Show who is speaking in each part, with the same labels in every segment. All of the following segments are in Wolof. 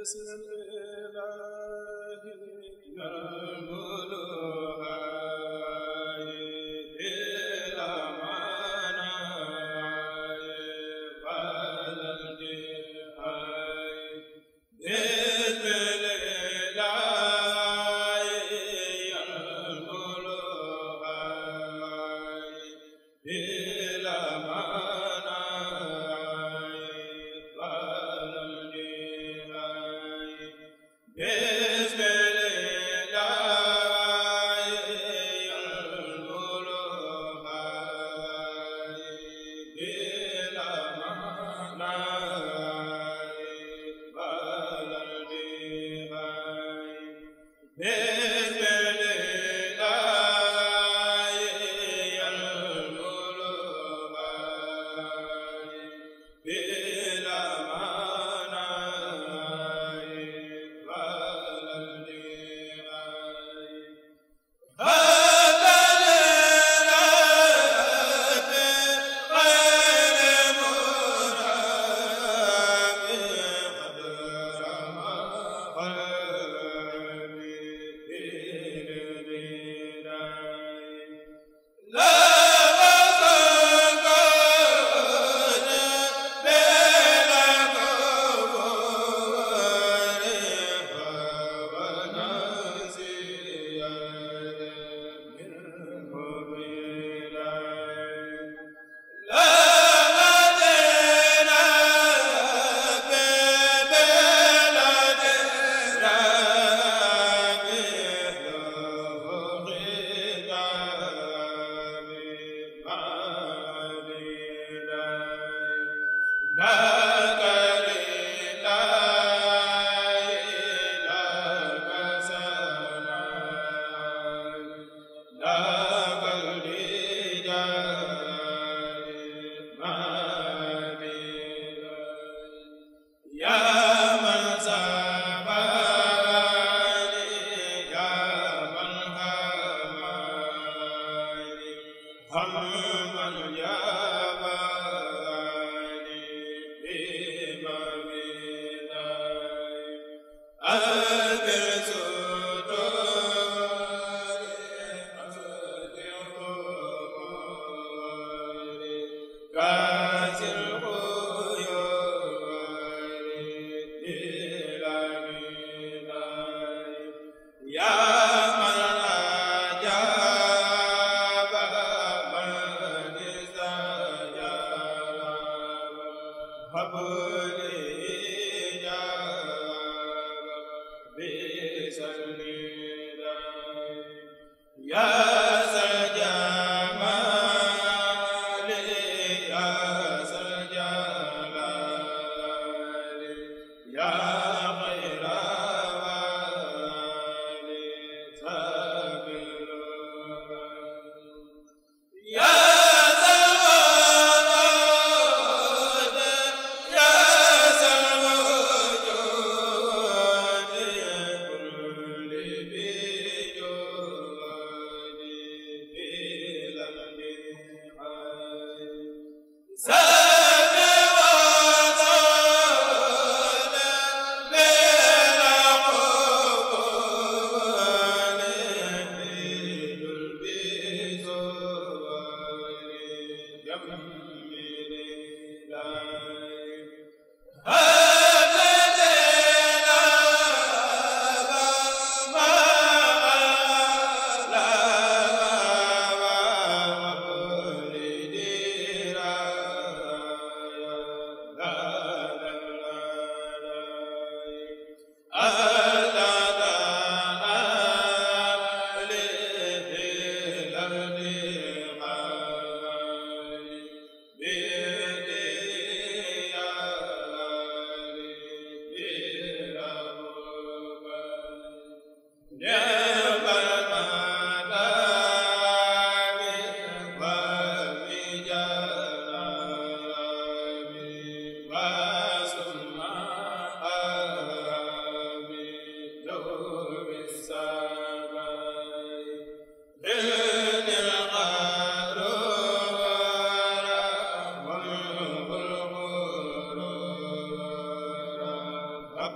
Speaker 1: بسم الله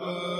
Speaker 1: Amen.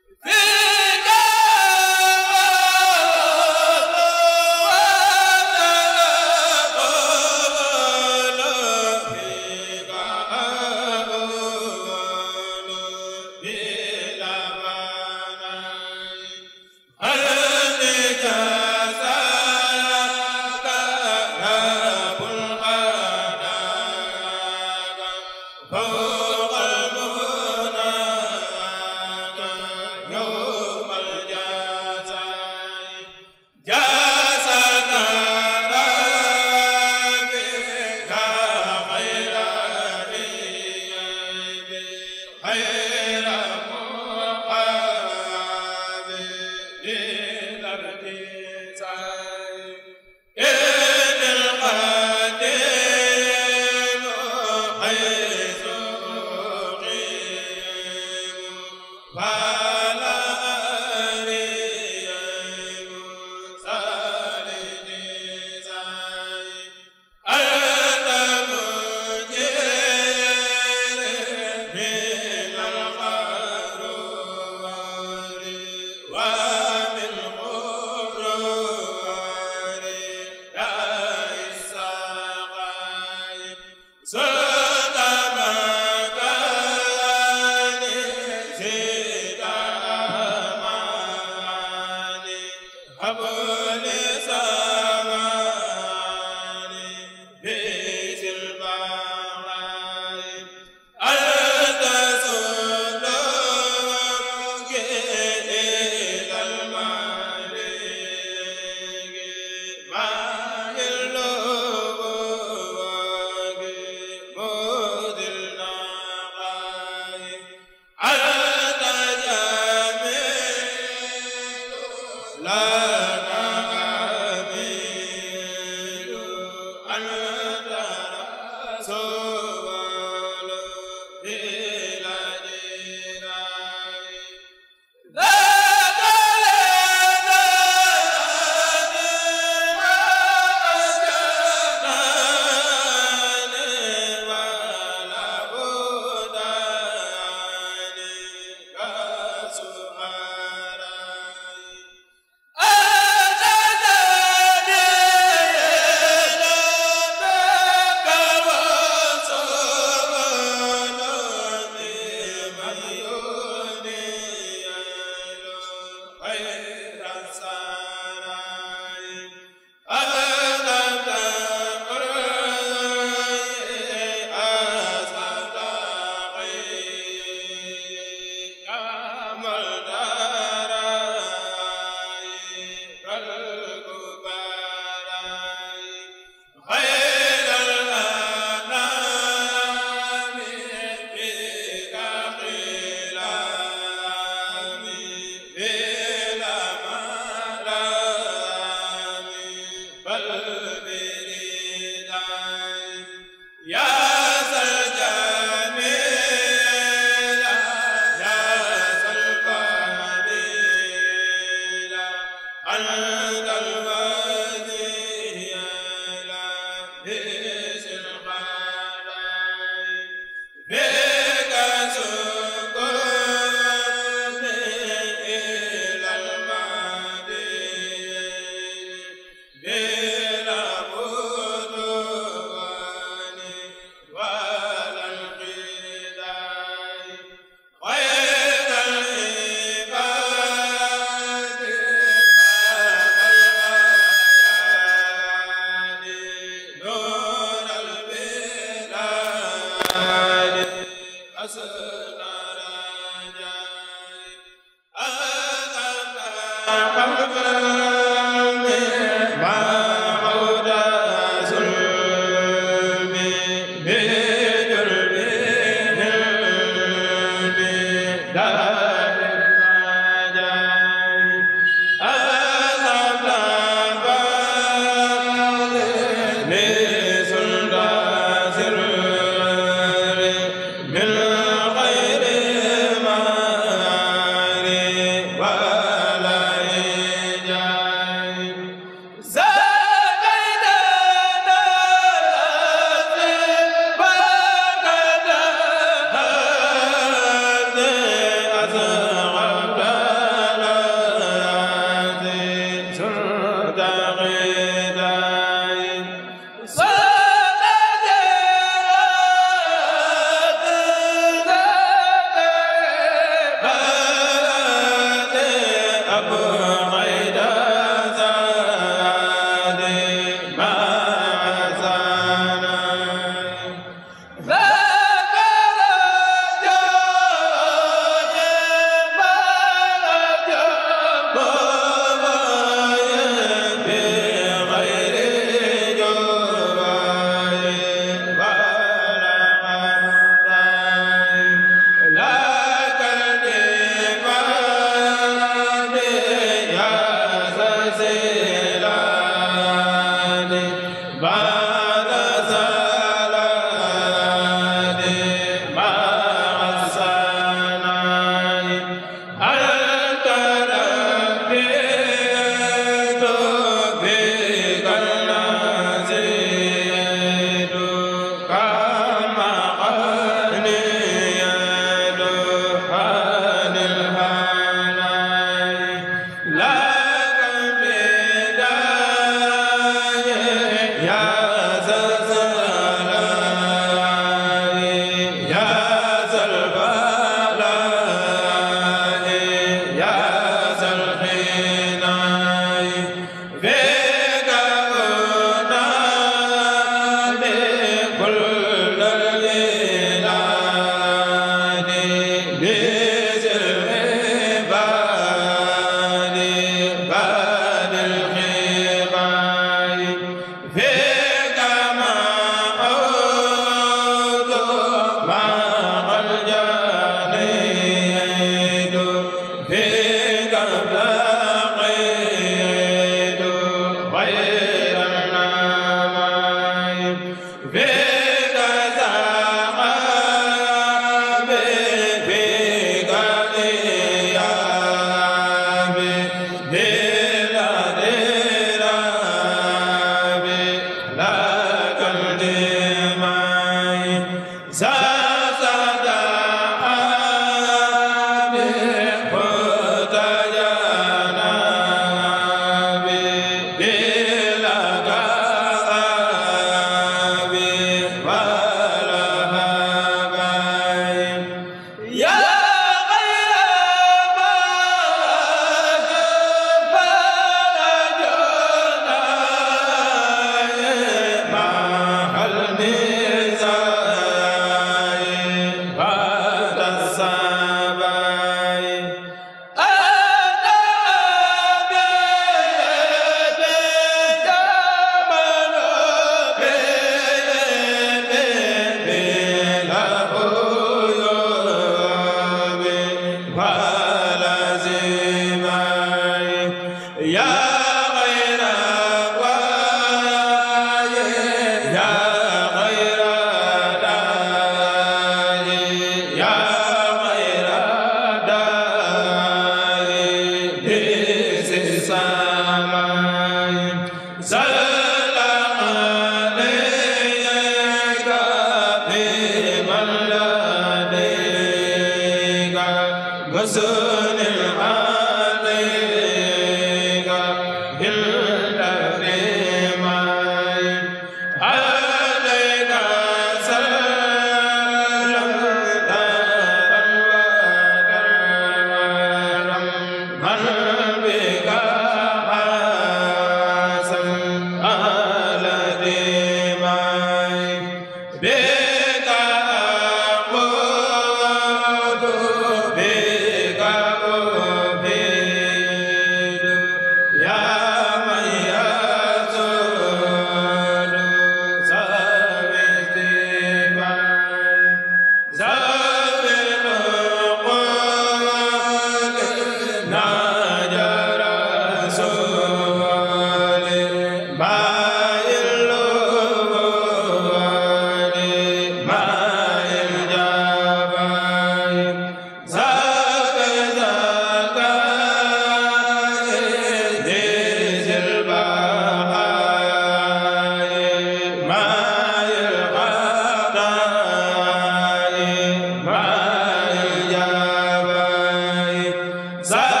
Speaker 1: sa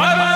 Speaker 1: xara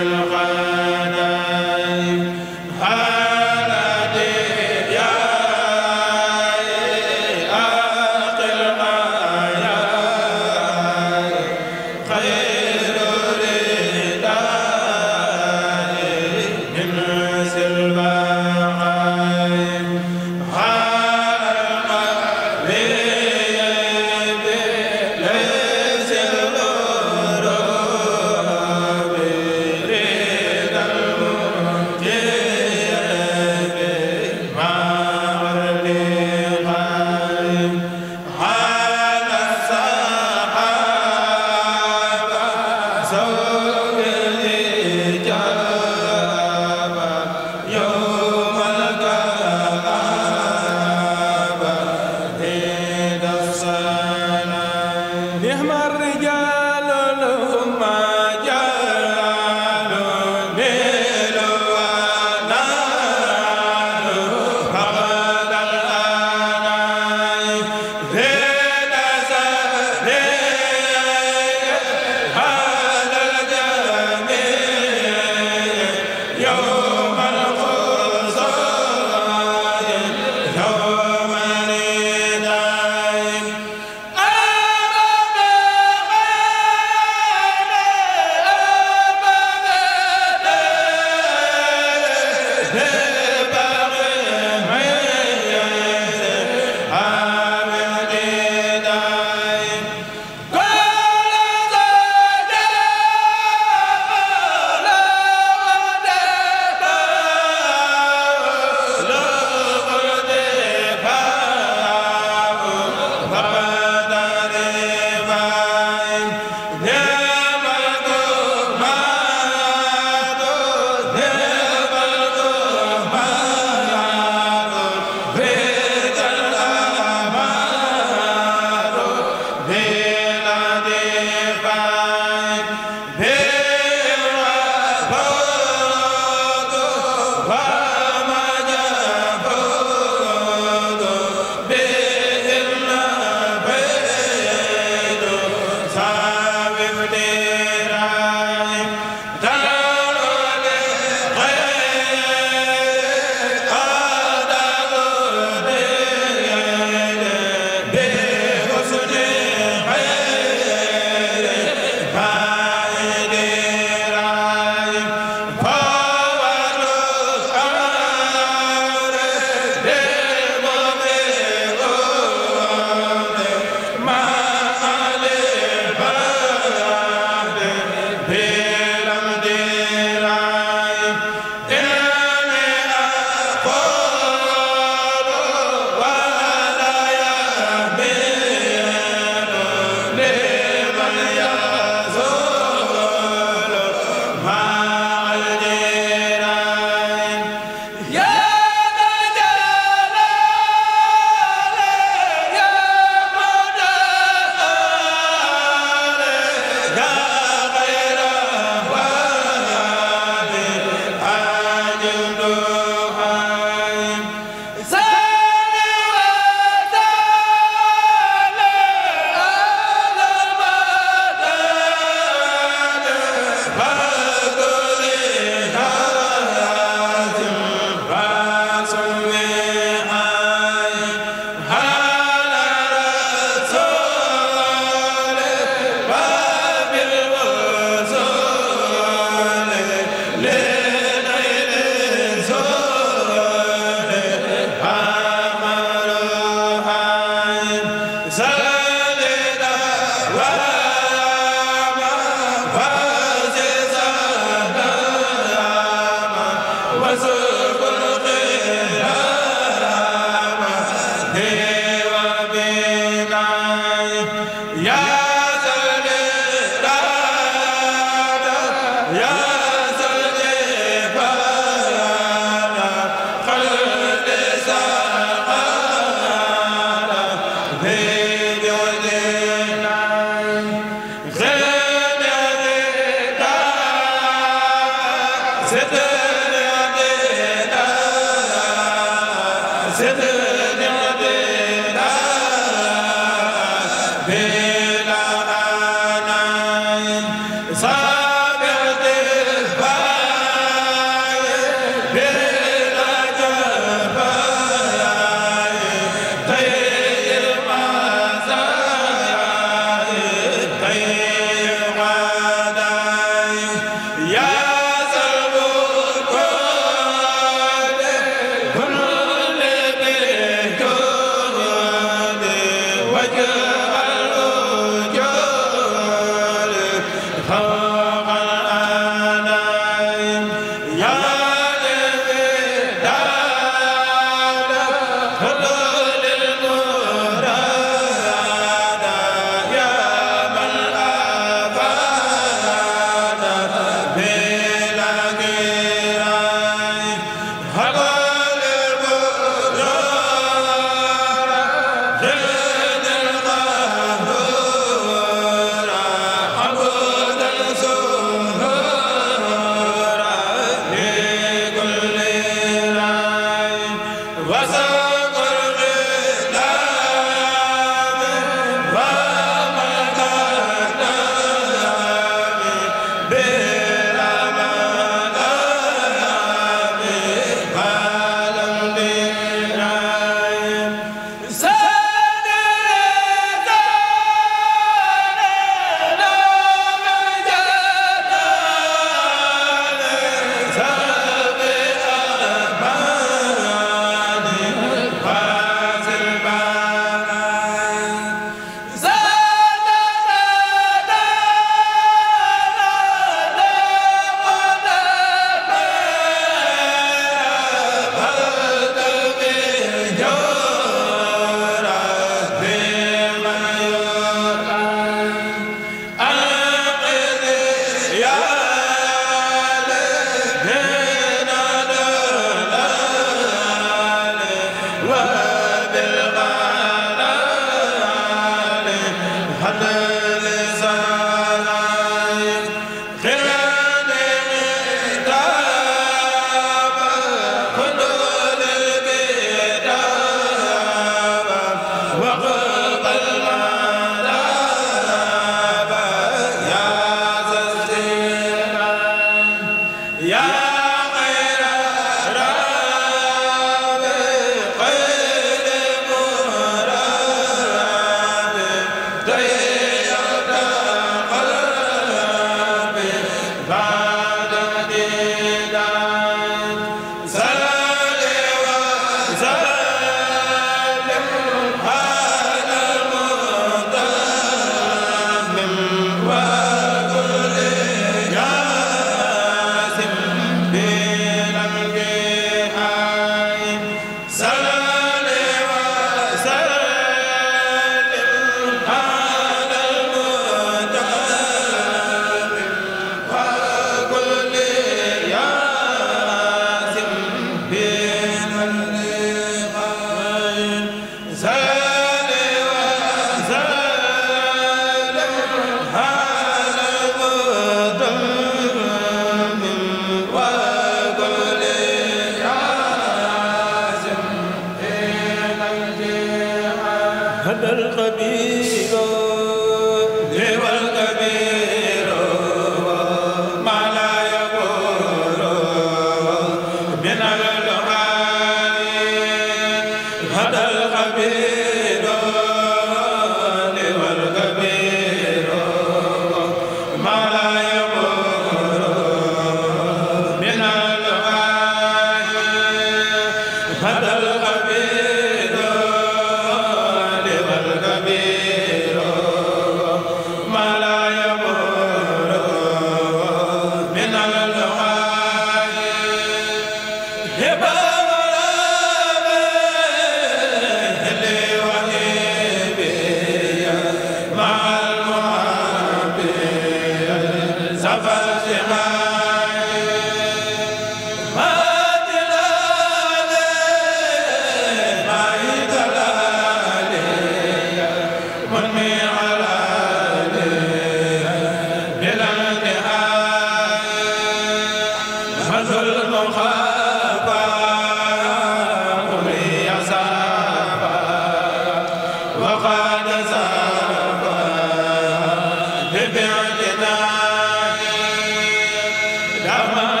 Speaker 1: dama